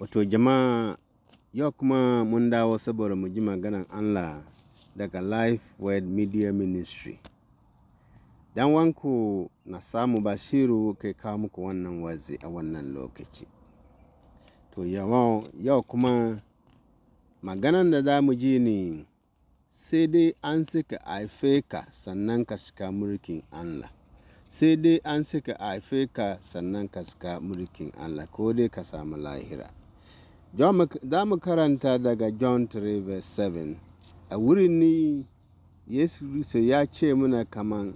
Wato jama'a yau kuma mun dawo saboda mu ji maganan Allah daga Life world Media Ministry. Dan wanku na samu Bashiru kai kawo muku wannan wazi a wannan lokaci. To yawon yau kuma maganan da za mu ji ne sai dai an suka haife ka sannan ka shiga mulkin Allah. Sai dai an suka haife ka sannan ka shiga mulkin Allah ko dai ka samu lahira. za mu karanta daga john 3:7 a wurin ni yesu kristo ya ce muna kaman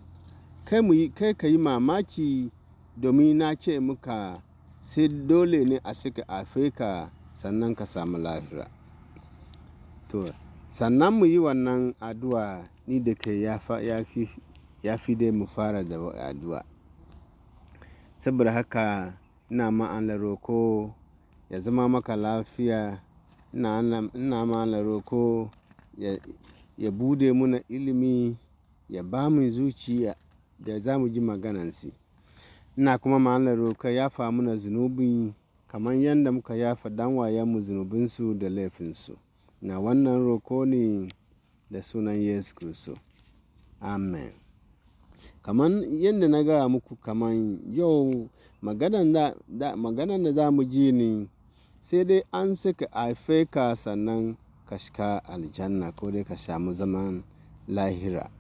kai ka yi mamaki domin na ce muka sai dole ne a suka afirka sannan ka samu lafiya to sannan mu yi wannan addu'a ni da ke ya fi dai mu fara da addu'a saboda haka ina ma'an ko. ya zama maka lafiya. Ina, ma roko ya, ya bude muna ilimi, ya ba mu zuciya da za mu ji maganansi Ina kuma ma roko ya yafa muna zunubi kamar yadda muka yafa ɗan mu zunubinsu da laifinsu. Na wannan roko ne da sunan Yesu kristo Amen. kamar yadda na gaya muku kaman yau maganan da, maganan da za mu ji ne sai dai an saka ka haife ka sannan ka shika aljanna ko dai ka samu zaman lahira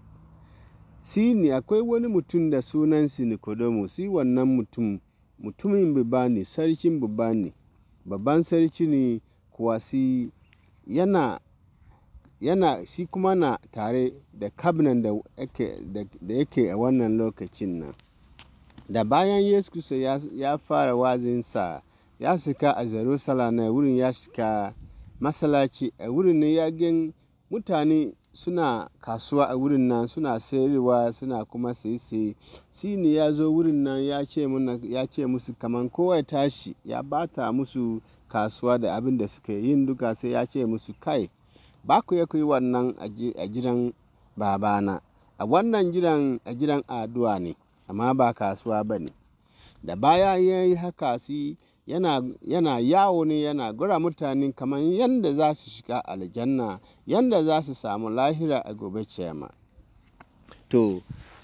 sini akwai wani mutum da sunan shi Nicodemus shi wannan mutum mutumin babba ne sarkin babba ne babban sarki ne kuwa shi yana yana shi kuma na tare da kabinan da yake a wannan lokacin nan da bayan yesu ya fara wazinsa ya sika a Jerusalem wurin ya sika masalaci a wurin ne ya gan mutane suna kasuwa a wurin nan suna sayarwa suna kuma sai sini shi ne ya zo wurin nan ya ce musu kaman kowai tashi ya bata musu kasuwa da abin da suke yin duka sai ya ce musu kai ba ku ya kai wannan a jiran babana a wannan jiran a gidan addu'a ne amma ba kasuwa ba ne da baya ya yi haka sai yana, yana yawo ne yana gura mutane kamar yadda za su shiga aljanna yadda za su samu lahira a gobe ciyama to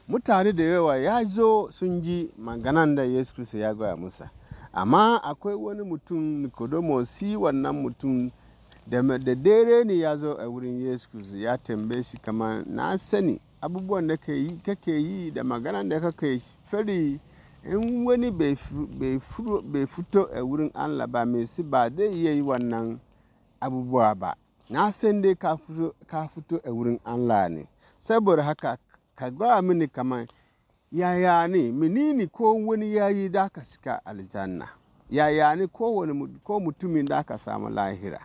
mutane da yawa ya zo sun ji maganan da yesu kristo ya gaya musa amma akwai wani mutum si wannan mutum da dare ne ya zo a wurin yesu kristo ya tambaye shi kamar na sani abubuwan da kake yi da maganan da kake fari in wani bai fito a wurin Allah ba mai si ba zai iya yi wannan abubuwa ba na san dai ka fito a wurin Allah ne saboda haka ka gawa mini kamar yaya ne menene ko wani yayi da ka shiga aljanna yaya ne ko mutumin da ka samu lahira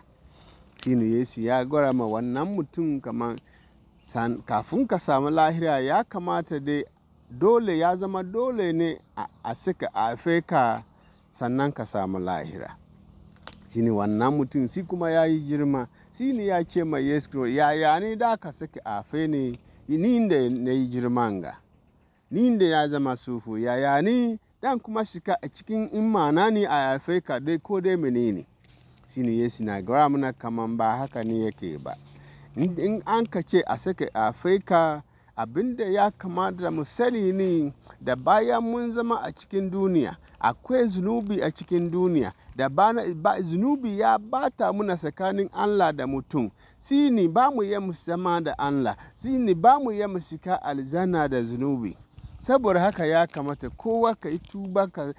shine yesu ya gwara ma wannan mutum kamar kafin ka samu lahira ya kamata dai dole ya zama dole ne a saka a ka sannan ka samu lahira ne wannan mutum si kuma ya yi girma ne ya ce ma yesu ya ya ne da ka suka a ni ni da na yi girman ga ni da ya zama sufu ya ya ni dan kuma shika a cikin imana ne a haife ka dai ko dai shi ne yesu na gara muna kaman ba haka ne yake ba in an ka ce a saka a ka abin da ya kamata mu sani ne da bayan mun zama a cikin duniya akwai zunubi a cikin duniya da zunubi ya bata muna tsakanin allah da mutum sini ba mu yi mu zama da allah sini ba mu yi mu shika alzana da zunubi saboda haka ya kamata kowa ka yi tuba ka,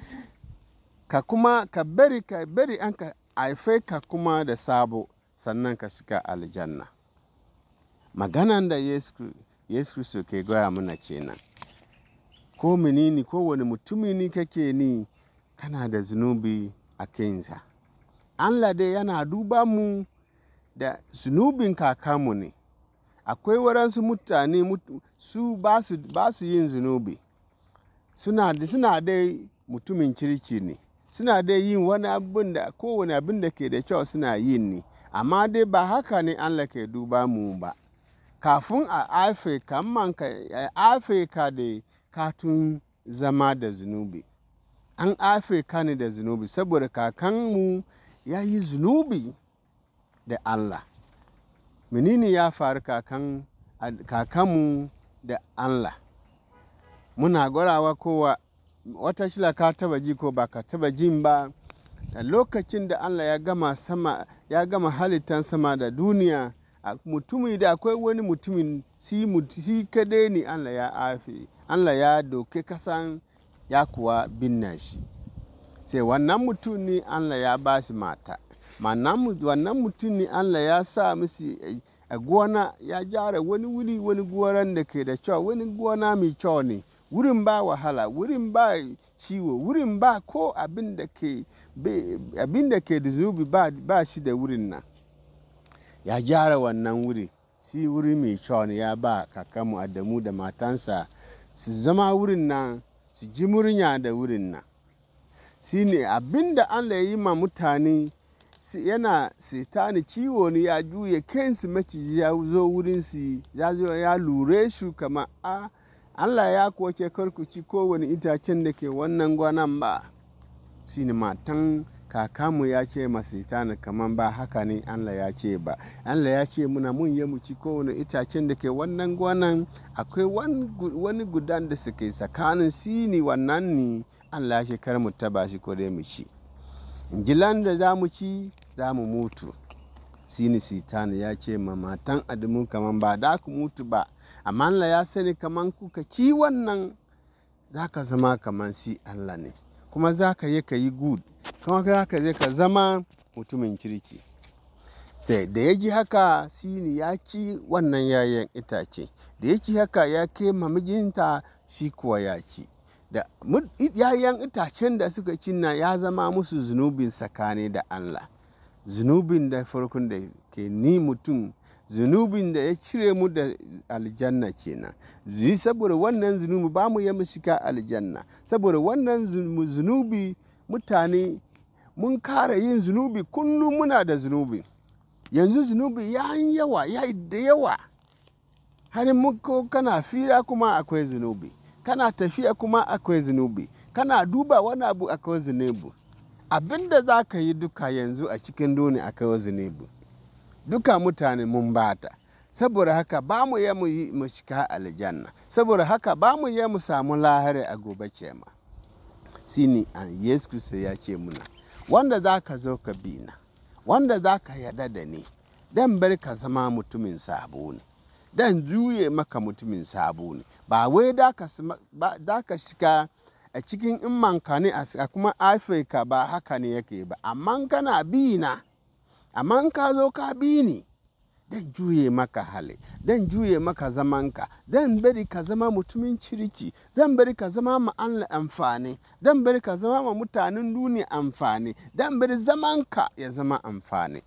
ka kuma ka bari ka bari an ka haife ka kuma da sabo sannan ka suka aljanna maganan da yesu Yesu Kristo ke gaya mana kenan. Ko menene ko wani mutumi kake ni kana da zunubi a kansa. Allah dai yana duba mu da zunubin kakamu ne. Akwai waransu mutane su ba su yin zunubi. Suna, suna dai mutumin kirki ne. Suna dai yin wani abin da kowane abin da ke da kyau suna yin ne. Amma dai ba haka ne Allah ke duba mu ba. kafin a afirka afirka da katun zama da zunubi an afirka ne da zunubi saboda kakanmu ya yi zunubi da allah menene ya faru kakan kakanmu da allah muna gwarawa kowa wata shila ka taba ji ko ba ka taba jin ba da lokacin da allah ya gama halittar ya gama halittan sama da duniya mutumi da akwai wani mutumin si kadai ne Allah ya afe Allah ya doke kasan ya kuwa binna shi sai wannan mutum ne Allah ya ba shi mata wannan mutum ne Allah ya sa musu a eh, gona ya gyara wani wuri wani gonan da ke da kyau wani gona mai kyau ne wurin ba wahala wurin ba ciwo wurin ba ko abin da ke da zubi ba shi da wurin nan ya gyara wannan wuri si wuri mai kyau ne ya ba kakanmu adamu da matansa su zama wurin nan su ji murya da wurin nan shi ne abin da allah ya ma mutane yana sitani ciwo ne ya juye kansu maciji ya zo wurinsu ya zo ya lure su kama a allah ya kuwa ce ku ci kowane itacen da ke wannan gwanan ba shi ne matan kakanmu ya ce ma sitani kaman ba haka ne Allah ya ce ba Allah ya ce muna mun yi mu ci kowane itacen da ke wannan gonan akwai wani gudan da suke tsakanin sini wannan ne Allah ya ce kar mu taba shi ko dai mu ci gilan da za mu ci za mu mutu sini sitani ya ce ma matan adamu kaman ba da ku mutu ba amma Allah ya sani kaman kuka ci wannan za ka zama kaman si Allah ne kuma za ka yi ka yi good don haka ka je ka zama mutumin kirki sai da ya ji haka sini ya ci wannan yayan itace da ya ci haka ya kai mamijinta shi kuwa ya ci da yayan itacen da suka cinna ya zama musu zunubin sakani da allah zunubin da farkon da ke ni mutum zunubin da ya cire mu da aljanna kenan zai saboda wannan zunubi ba mu ya musika aljanna saboda wannan zunubi mutane mun kara yin zunubi kullum muna da zunubi yanzu zunubi ya yi yawa ya yi da yawa har muka kana fira kuma akwai zunubi kana tafiya kuma akwai zunubi kana duba wani abu akwai zunubi abin da za ka yi duka yanzu a cikin duniya akwai zunubi duka mutane mun bata saboda haka ba mu yi mu shiga aljanna saboda haka ba mu yi mu samu lahari a gobe kema sini an yesu ya ce muna wanda za ka zo ka bi na wanda za ka yada da ni dan bar ka zama mutumin sabo ne dan juye maka mutumin sabo ne ba wai da ka shiga a cikin imanka ne a kuma afirka ba haka ne yake ba amma kana bi na amma ka zo ka bi ni dan juye maka hali dan juye maka zamanka dan bari ka zama mutumin ciriki dan bari ka zama ma Allah amfani dan bari ka zama ma mutanen duniya amfani dan bari zamanka ya zama amfani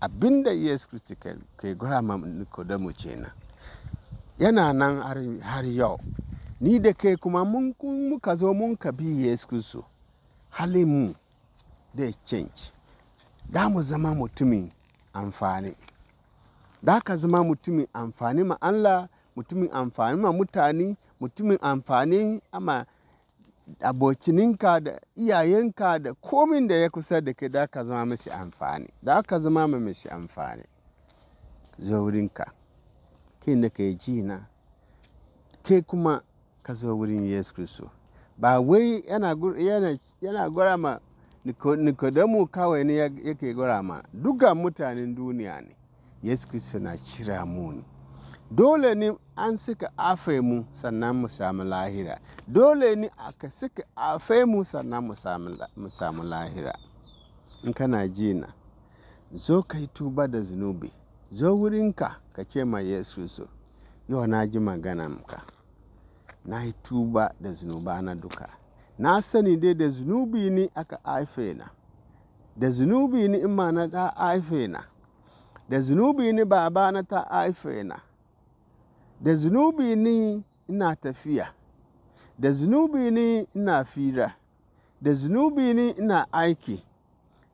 abinda yesu kristi ke gura ma nikodamu kenan yana nan har yau ni da ke kuma mun muka zo mun ka bi yesu Kristi halin mu da change da mu zama mutumin amfani da ka zama mutumin amfani ma Allah mutumin amfani ma mutane mutumin amfani ama abokininka da iyayenka da komin da ya kusa da kai da ka zama mashi amfani da ka zama ma mashi amfani zo wurinka kai da kai ji na kai kuma ka zo wurin yesu kristo ba wai yana, yana, yana gura ma nikodemu kawai ne yake gura ma duka mutanen duniya ne yesu kristo na cira mu dole ne an suka afe mu sannan mu samu lahira dole ne aka suka afe mu sannan mu samu lahira in kana ji na zo ka yi tuba da zunubi zo wurinka ka ce ma yesu so yau na ji ka na yi tuba da zunuba na duka na sani dai da zunubi ne aka haife na da zunubi ni in ma na ta haife na da zunubi ni babana ta na da zunubi ni ina tafiya da zunubi ni ina fira da zunubi ni ina aiki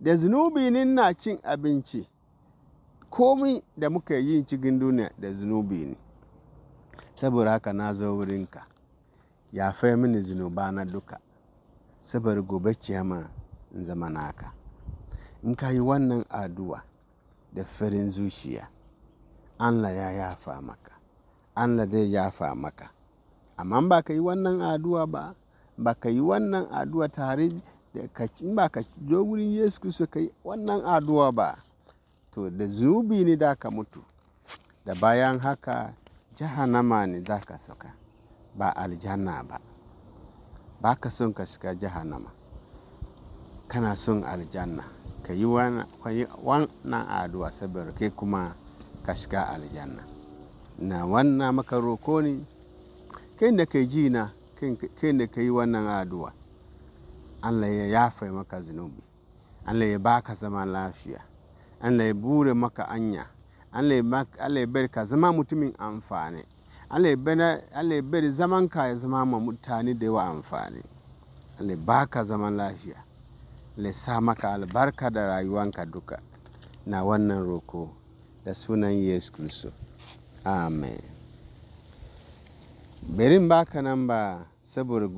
da zunubi ni ina cin abinci komi da muka yi cikin duniya da zunubi ni saboda haka na zo wurinka ya fai mini zunubana duka saboda gobe ciyama in zama naka in ka yi wannan addu'a da farin zuciya. Allah ya yafa maka. Allah zai yafa maka. Amma ba ka yi wannan addu'a ba, ba ka yi wannan addu'a tare da ka ba ka zo wurin Yesu Kiristi ka yi wannan addu'a ba, to da zunubi ne da ka mutu. Da bayan haka jahannama ne za ka saka, ba aljanna ba. Ba ka son ka shiga jahannama. Kana son aljanna. ka yi wannan addu'a saboda kai kuma ka shiga aljanna na wannan maka roko ne kai da kai ji na kai da kai wannan addu'a allah ya yafe maka zunubi allah ya baka zama lafiya allah ya bure maka anya allah ya bari ka zama mutumin amfani allah ya bari zaman ka ya zama ma mutane da yawa amfani allah ya baka zaman lafiya sa maka albarka da rayuwanka duka na wannan roko da sunan yesu kristo amen berin ba baka nan ba saboda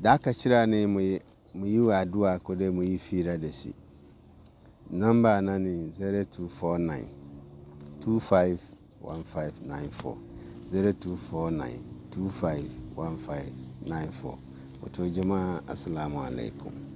da aka cira ne mu yi wa duwa ko dai mu yi fira da shi namba na ne 0249 251594 0249 251594 wato jama'a assalamu alaikum